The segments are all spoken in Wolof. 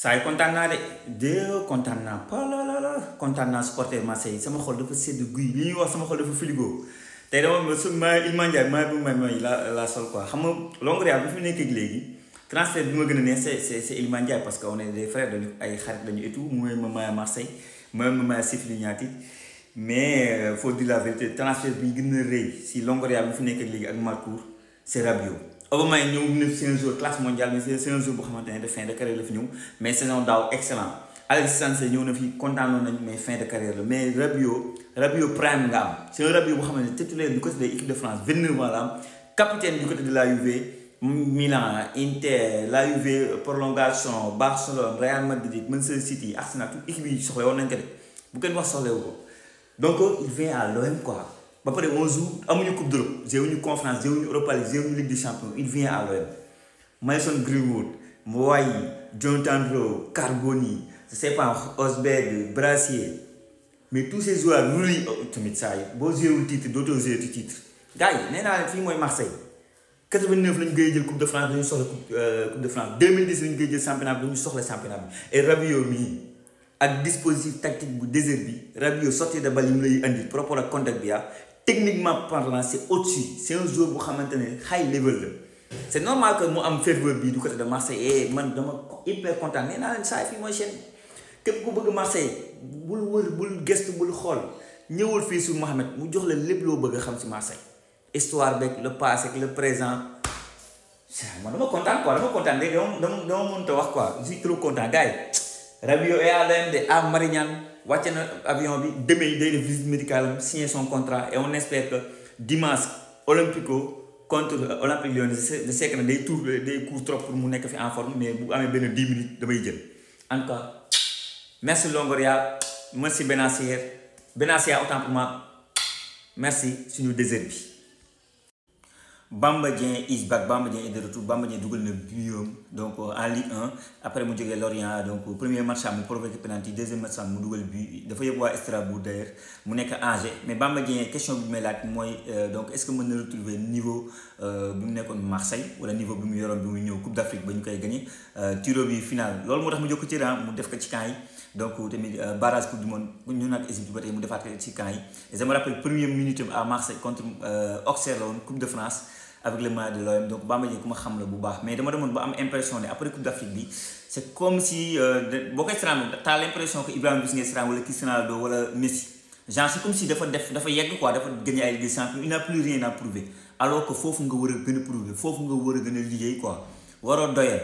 Ça kontaan naa de de kontaan la la kontaan naa supporter Marseille sama xol dafa sedd guy li ñuy wax sama xol dafa filigo tay dama su ma Iliman Ndiaye maa bu ma may la la sol quoi xam nga Longoria bi fi nekkee léegi transfert bi ma gën a c'est c'est c'est il Ndiaye parce que on est des frères de ay xarit lañu et tout moy ma Marseille mooy ma maay Sifli ñaati mais euh, faut dire la vérité transfert bi gën a rëy si Longoria bi fi nekkee léegi ak Marcour c'est Rabiot avant ma ñëw na jour classe mondiale mais un jour boo de fin de carrière la mais saison daaw excellent Alexis Sanchez ñëw na fi content non mais fin de carrière mais Rabio Rabio prime gam c'est un Rabio boo xam titulaire du côté de l'équipe de France 29 ans capitaine du côté de la Juve Milan Inter la Juve prolongation Barcelone Real Madrid Manchester City Arsenal toute équipe de soxla woon nañ de bu kenn wax soxla donc il vient à l'OM quoi ba pare on joue amuñu coupe d'Europe jéewuñu conférence jéewuñu Europa League jéewuñu Ligue des champions il vient à l'OM Mason Greenwood Mbowayi John Tandro, Carboni je sais pas Osberg Brassier mais tous ces joueurs tu me dis saa yi boo jéewul titre dootoo jéew ci titre gars yi nee naa Marseille 89 a gagné jël coupe de France dañu la euh, coupe de France 2010 a gagné jël championnat bi dañu le championnat et Rabiot mii avec dispositif tactique bu désert Rabiot sorti de balle yi mu lay par rapport ak contact Bia, ah, techniquement parlant c' au-dessus c'est un joueur bu xamante ne high level C'est normal que mu am ferveur bii du côté de Marseille eh, man dama hyper content nee naa leen saa fii mooy chaîne képp ku bëgg Marseille bul wër bul gestu bul xool ñëwul sur Mohamed mu jox la lépp loo bëgg xam si Marseille histoire avec le passé avec le présent man dama content quoi dama kontaan léegi dama dama dama mënut a wax quoi je suis trop content gars yi Rabiot est à l'AMD à wàcce na avion bi demee day def visite médicale am signé son contrat et on espère que dimanche Olympico contre Olympique Lyon je sais que day des day court trop pour mu nekk fi en forme mais bu amee benn 10 minutes damay jël encore merci Longoria merci benacier benacier autant pour moi merci suñu nous bi. Bamba est back est de retour Bamba a na but donc en euh, Ligue 1 après mu jógee Lorient donc premier match am mu provoqué penalty deuxième match je mu but, il dafa extra voir Strasbourg d'ailleurs mu mais Bamba question bi me euh, donc est ce que je retrouver niveau de Marseille ou Marseille wala niveau de l'Europe de Coupe d'Afrique? a gagné euh, final donc au euh, barrage coupe du monde ñu naan Égypte ba tey mu defaat ci camp yi et je me rappelle première minute à Marseille contre euh, Auxerre en coupe de France avec le maillot de l'OM donc Bamba Dieng ku ma xam la bu mais dama demoon ba am impression Après après coupe d'Afrique bi c' comme si euh, boo koy sraan t'as l' impression que Ibrahim Bis ngay ou wala Cristiano Ronaldo wala Messi genre c'est comme si dafa def dafa yegg quoi dafa gagné ay Ligue des Champions il n'a plus rien à prouver alors que faut nga war a gën faut prouver foofu nga war a gën a quoi waroo doyal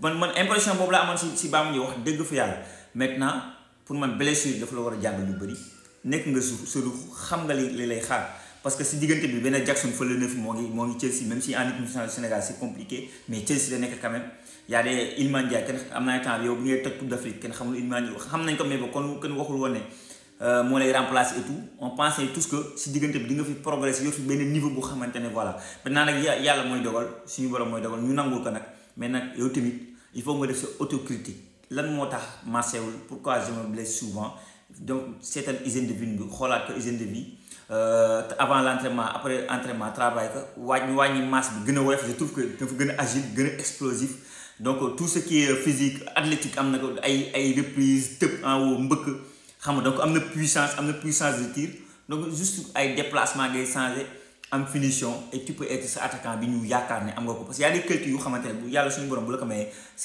man man impression c'est laa amoon si si Bamba Dieng wax dëgg fa maintenant pour man blessure dafa la wara a lu bari, nek nga sur sa xam nga li lay xaar parce que si diggante bi ben Jackson fële na fi moo ngi mo ngi Chelsea même si en équipe nationale du Sénégal c'est compliqué mais Chelsea da nek quand même y a des Iliman dia kenn am na temps yow bu ngay toj Coupe d'Afrique kenn xamul Iliman Ndiaye xam nañ ko mais kon ken waxul woné euh mo lay remplacer et tout on pensait tous que si diggante bi di nga fi progresser yor fi ben niveau bu xamante ne voilà maintenant nag yàlla moy dogal suñu borom moy dogal ñu nangul ko nak mais nak yow tamit il faut nga def sa autocritique lan moo m'a pourquoi je me blesse souvent donc seetal hygiène de vie bi que hygiène de vie Euh, avant l'entraînement, après entraînement travail ko masse bi je trouve que dafa gën agile gën explosif donc tout ce qui est physique athlétique am na ko ay ay reprise en haut Donc il y donc am puissance am puissance de tir donc juste ay déplacement ngay changé am finition et tu peux être sa attaquant bi ñu yaakaar ne am nga y a des cultures, yu ne bu yàlla suñu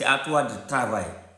à toi de travailler.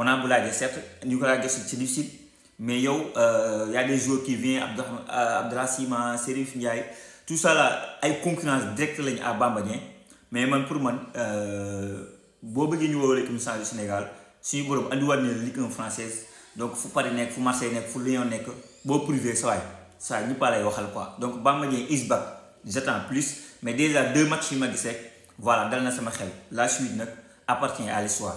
on a Boulaye, certes, Nicolas Gasset, c'est difficile, mais il euh, y a des joueurs qui viennent, Abdrassima, euh, Serif Ndiaye, tout ça là, il y a une concurrence directe à Bambadien. Mais moi, pour moi, euh, si vous voulez comme ça du Sénégal, si vous voulez de Ligue française, donc il faut Paris, il faut Marseille, il faut Lyon, il faut privé, ça ça n'y pas quoi. Donc Bambadien se back, j'attends plus, mais déjà deux matchs, je me voilà, dans la semaine, la suite appartient à l'histoire.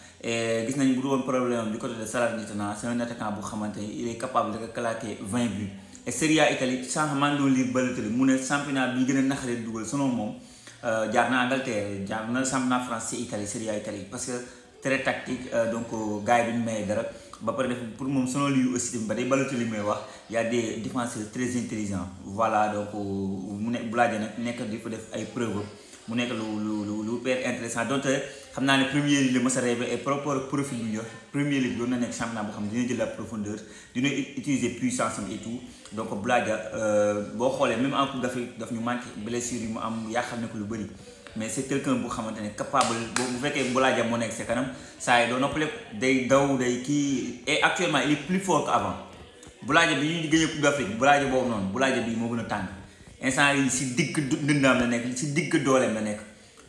Eh, gis nañ bu du woon problème du côté de Salernitana ah, c'est un attaquant bu xamante il est capable de claquer 20 buts et Serie A Italie sans maa ngi Balotelli mu ne championnat bi gën a naqaree dugal selon moom euh, jaar na Angleterre jaar na championnat France ci Italie Serie A Italie parce que très tactique euh, donc euh, gars yi duñ may dara ba pare def pour moom selon lui aussi ba day Balotelli may wax y a des défenseurs très intelligents voilà donc mu ne bu laajee nag nekk di fa def ay preuves mu nekk lu lu lu lu intéressant donc xam naa ne premier li la mës a et propre profil bi ñu premier li doon na nekk championnat boo xam ne dina jël la profondeur dina utiliser puissance am et tout donc Blaga euh, boo xoolee même en Coupe d'Afrique daf ñu manqué blessure yi mu am yàqal na ko lu bëri mais c'est quelqu'un boo xamante ne capable bu fekkee Blaga moo nekk sa kanam saa yi doo noppale day daw day kii et actuellement il est plus fort qu'avant Blaga bi ñu gagné Coupe d'Afrique Blaga boobu noonu Blaga bi moo gën a tàng instant yi si digg ndëndaam la nekk si digg dooleem la nekk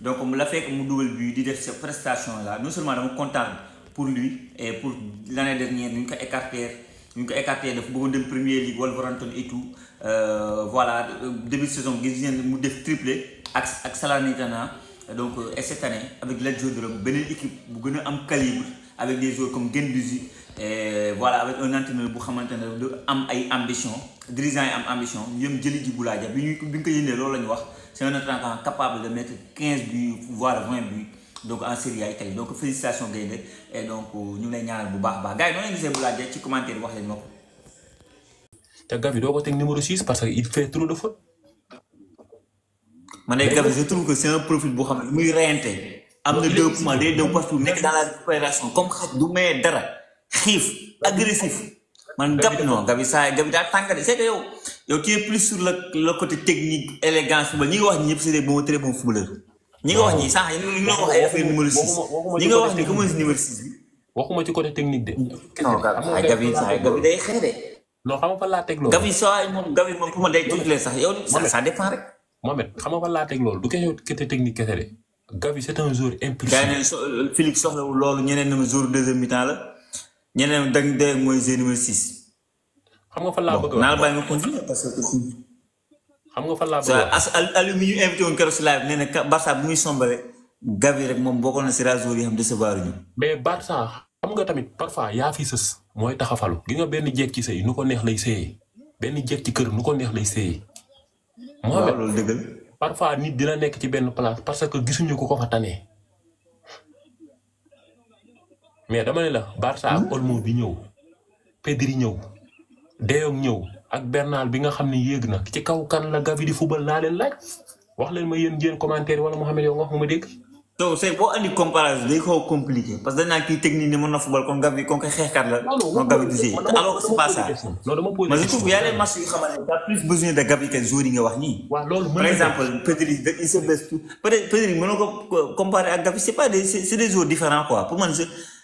donc mu la fekk mu double bi di def ces prestations là non seulement dama content pour lui et pour l'année dernière ñu ko écarter ñu ko écarter dafa bëggoon dem première ligue Wolverhampton et tout euh, voilà euh, début de saison gis ngeen mu def triplé ak ak Salernitana donc euh, cette année avec l'aide de beneen équipe bu gën a am calibre avec des joueurs comme Gendouzi voilà avec un entraîneur bu xamantene de am ay ambition dirigeant am ambition ñoom jëli ji Boula Dia bi ñu bi ko yëndee loolu la wax c'est un entraîneur capable de mettre 15 buts voire 20 buts donc en Série A donc félicitations Gaynde et donc euh, ñu lay ñaanal bu baax a baax gars yi noonu la gisee bu Dia ci commentaire wax leen mako ko. te Gavi doo ko tek numéro 6 parce que il fait trop de fautes. mané Gavi je trouve que c'est un profil bu xam muy réinté am na deux points day deux partout nekk dans la récupération comme xat du may dara. xiif agressif man gab non gabi saa gabi daa tànk de c'est que yow yow tu es plus sur le le côté technique élégance ba ñi nga wax ñi ñëpp c'est des bons très bons nga wax ñu ngi wax ay affaire numéro 6 ñi nga wax ni que mooy ci côté technique de. non gabi saa gabi day xëy de. non xam nga fan laa teg loolu. gabi saa moom loolu du kee côté technique kese de. gabi c'est un joueur impulsif. gars loolu ñeneen ñoom jour deuxième mi la. ñeneen dañ de mooy g numéro 6. xam nga fan laa bëgg a wax naa la bàyyi nga continuer xam nga fan laa bëgg a wax Aliou mi ñu invité woon keroog si live nee na Barça bu muy sombale Gavi rek moom bokkoon na si réseau yi xam décevoir xam nga tamit parfois yaa fi sës mooy taxafalu gi nga benn jeeg ci sëy nu ko neex lay sëyee benn jeeg ci kër nu ko neex lay sëyee. waaw loolu dëgg la Mohamed parfois nit dina nekk ci benn place parce que gisuñu ko ko fa tane. mais dama ne la Barça ak bi ñëw Pedri ñëw De Jong ñëw ak Bernal bi nga xam ne yéeg na ci kaw kan la Gavi di football laa leen laaj wax leen ma yéen jeen commentaire wala Mouhamed yow a les yu xamante ne t'as plus besoin Gavi que joueurs yi nga wax nii. par exemple Pedri il se ko comparer ak Gavi c'est pas des c'est des joueurs pour man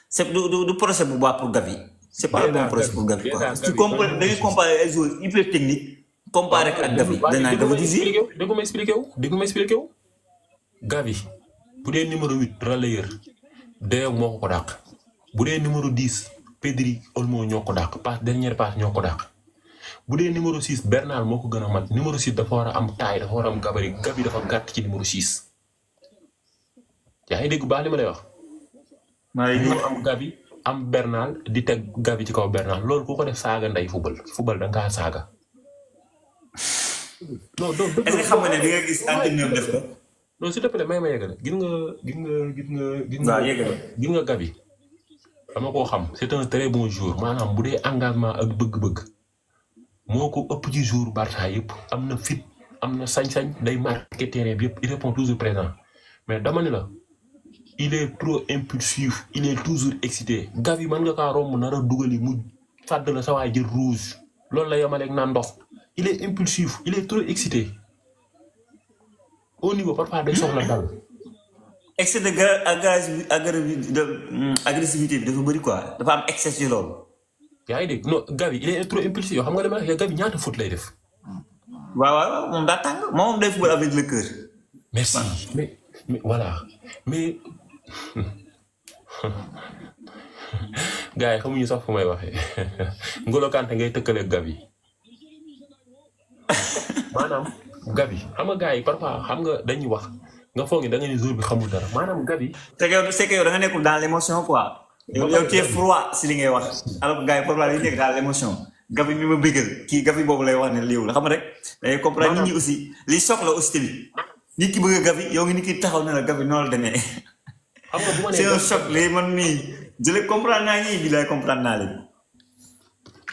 c'est du du du procès bu baax pour Gavi. c'est pas bon procès pour Gavi quoi tu comprends dès ngay comparer ay joueurs hyper technique comparé ak Gavi danaa Gavi dis-y dégg ma m'expliquer wu dégg ma m'expliquer wu Gavi bu dee numéro 8 relayeur Deyo mon ko dàq bu numéro 10 Pedri Olmo ñoo ko pas dernière pas ñoo ko bu numéro 6 Bernal moko gëna mat numéro 6 dafa wara am taille dafa wara am gabarit Gavi dafa gatt ci numéro 6 yaa ngi dégg baax li ma lay wax. ñu am Gavi am Bernal di teg Gavi ci kaw Bernal loolu ku ko def saaga ndey football football da ngaa saaga. non doo doo may ma yegale gis nga gis nga gis nga. gis nga gis nga Gavi. dama koo xam c'est un très bon jour maanaam bu dee engagement ak bëgg-bëgg moo ko ëpp ci jour Barça yëpp am na fit am na sañ-sañ day marqué terrain yëpp il répond toujours présent mais dama ni la. il est trop impulsif il est toujours excité Gavi man nga ka rom na a dugali mu fàdd la sa way jël rouge loolu la yemaleeg nan ndox il est impulsif il est trop excité au niveau parfois de soxla dal. excès de hmm, agressivité bi dafa bëri quoi dafa am excès ci loolu. Yaay ngi dégg non Gavi il est trop impulsif xam nga dama ya Gavi ñaata foot lay def. Wa wa, mom da tang, mom day football avec le cœur. merci mais mais voilà mais. gars yi xamuñu sax fu may waxee Ngolo Kanté ngay tëkkale Gavi maanaam Gavi xam nga gars yi parfois xam nga dañuy wax nga foog ni da nga ni jour bi xamul dara maanaam Gavi. te yow c'est que yow da nga nekkul dans l'émotion quoi. yow tu es froid si ngay wax. alors que gars yi ma bëggal kii Gavi boobu lay wax ne lii la xam rek. day comprendre nit ñi aussi li soxla aussi tamit nit ki bëgg a Gavi yow nit ki taxaw na la Gavi noonu la demee. xam nga bu ma man mii jële comprendre naa naa leen.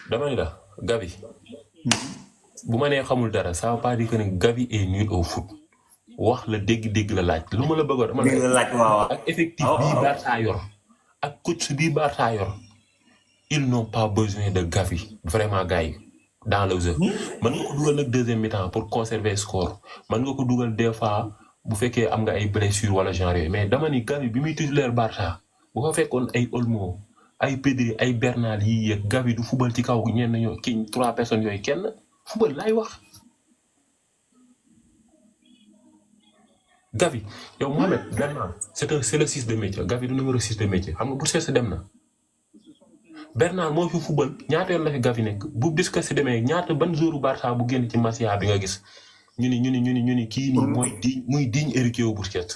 dama ni la Gabi. Hmm. bu ma nee xamul dara ça veut pas ni Gabi est nul au foot. wax la dégg-dégg la laaj lu ma la bëggoon. dama la laaj waaw ak effectif oh, bii Barça oh. yor. ak coach bii Barça yor. ils n'ont pas besoin de Gavi vraiment gars yi dans le jeu. mën nga ko dugal nag deuxième mi pour conserver score mën nga ko dugal des fois. bu fekke am nga ay blessure wala genre mais dama ni Gavi bi mi titulaire Barça bu ko ay Olmo ay Pedri ay Bernal Gavi du football ci kaw trois personnes yoy kenn football Gavi Mohamed c'est un c'est le 6 de métier Gavi du numéro 6 de métier xam nga bu dem Bernal mo fi football ñaata la fi Gavi nek bu Il ban Barça bu ci Masia bi nga ñu ni ñu ni ñu ni ñu mm. mooy digne muy digne héritier wu Busquets.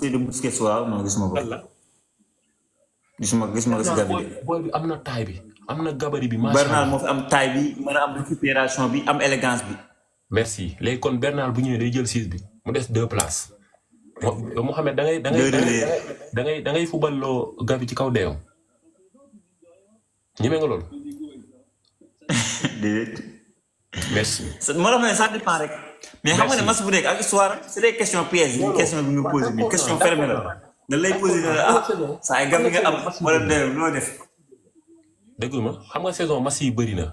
Seydou Busquets waaw non gis ma ko. gis ma gis ma ko si bool bi am na taay bi am na gabari bi. macha allah Bernal moo fi am taay bi mën a am récupération bi am élégance bi. merci léegi kon Bernal bu ñëwee day jël siis bi mu des deux places. Mouhamed da ngay da ngay da ngay da ngay loo gabi ci kaw deewam ñeme nga loolu. déedéet. merci. ma ne ça dépend rek. mais xam nga bu nekk ak histoire c'est des questions pièges yi question bi nga posé nii question fermée la da lay posé ah, ne la ma xam nga saison mas yi bëri na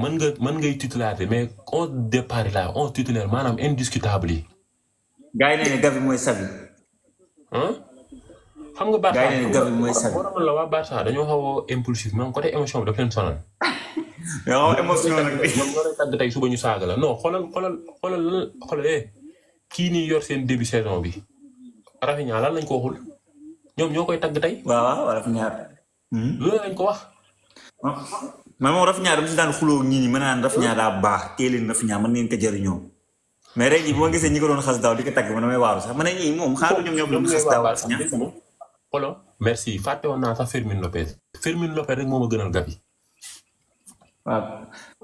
mën nga mën ngay titulaire mais on départ là on titulaire maanaam indiscutable yi. gars yi nee na Gavi mooy Sabi. xam nga Barça gars yi mooy Sabi. la waa Barça dañoo xaw a impulsif même côté émotion bi daf leen sonal. waaw émotion nag de tey suba ñu saaga la non xoolal xoolal xoolal lan xoolal eh kii nii yor sen début saison bi Rafinha lan lañ ko waxul ñoom ñoo koy tagg tey. waaw waaw Rafinha. loolu lañ ko wax. man moom Rafinha dama si daan xuloo ñii ñi mën naa Rafinha daa baax teel leen Rafinha mën ngeen ko jëriñoo mais ren jii bu ma gisee ñi ko doon xas daaw di ko tagg man damay waaru sax ma ne ñii moom xaaru ñoom ñoo doon xas daaw merci fàtte woon naa sax Fermin Lopez. Fermin Lopez rek moo gënal Gavi.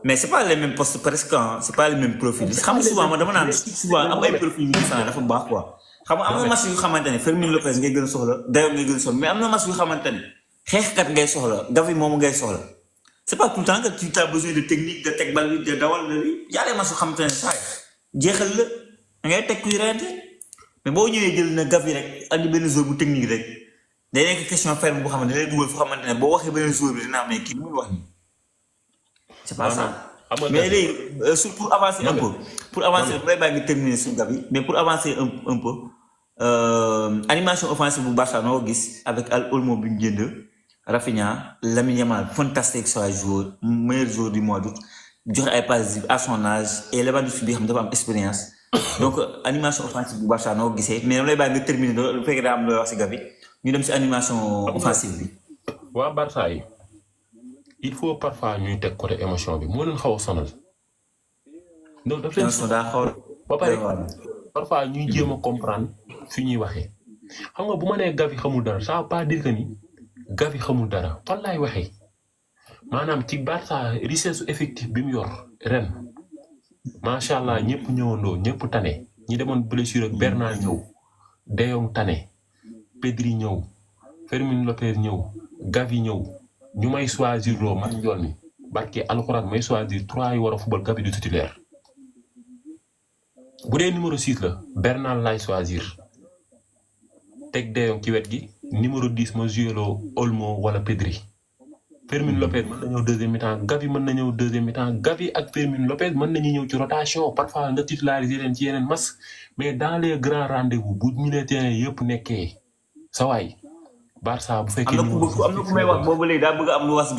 mais c'est pas les mêmes postes presque ah c'est pas les mêmes profils xam nga souvent man dama naan souvent am ay profils yu différents dafa baax quoi. xam nga am na match yu xamante ne Fermin Lopez ngay gën a soxla dayoo ngay gën a soxla mais amna na match yu xamante ne kat ngay soxla Gavi moom ngay soxla c'est pas tout temps que tu as besoin de technique de teg bal bi de dawal la lii yàlla match yu xamante ne saa la ngay tek kuy rente mais bo ñëwee jël na Gavi rek andi benn jour bu technique rek day nekk question ferme bo xamante lay day fo foo bo waxé boo jour bi dina am ki muy wax ni c'est pas ah, ça. Ah, mais les, euh, pour avancer un peu. pour avancer bu may terminer Gabi, mais pour avancer un un peu euh, animation offensive pour Barça noo avec Al Olmo bi Rafinha Lamine Yamal fantastique soit joueur meilleur joueur du mois d'août Dior pas à son âge et Lewandowski bi xam dafa am d'expérience, donc animation offensive pour Barça noo mais on lay bàyyi terminer le programme daa wax si gab animation offensive Oui, Barça il faut parfois ñuy teg côté émotion bi moo leen xaw a sonal. donc ba pare parfois ñuy jéem a comprendre fi ñuy waxee. xam nga bu ma nee Gavi xamul dara ça veut pas dire Gavi xamul dara fan laay waxee maanaam ci Barça richesse effective bi mu yor ren macha allah ñëpp ñëwandoo ñëpp tane ñi demoon blessure ak Bernard ñëw De Jong tane Pedri ñëw Fermin Lopez ñëw Gavi ñëw. ñu may choisir loo man njool mi barke alxuraan may choisir trois yu war a football gabi du titulaire bu dee numéro 6 la Bernal laay choisir teg De Jong wet gi numéro 10 ma joué loo Olmo wala Pedri. Fermin Lopez mën na ñëw deuxième mi-temps mën na ñëw deuxième mi-temps Gavi ak Fermin Lopez mën nañu ñëw ci rotation parfois nga titulariser leen ci yeneen mas mais dans les grands rendez ñu bu militaires yëpp nekkee sa waay barcha bu fekkee. am na ku am na ku may wax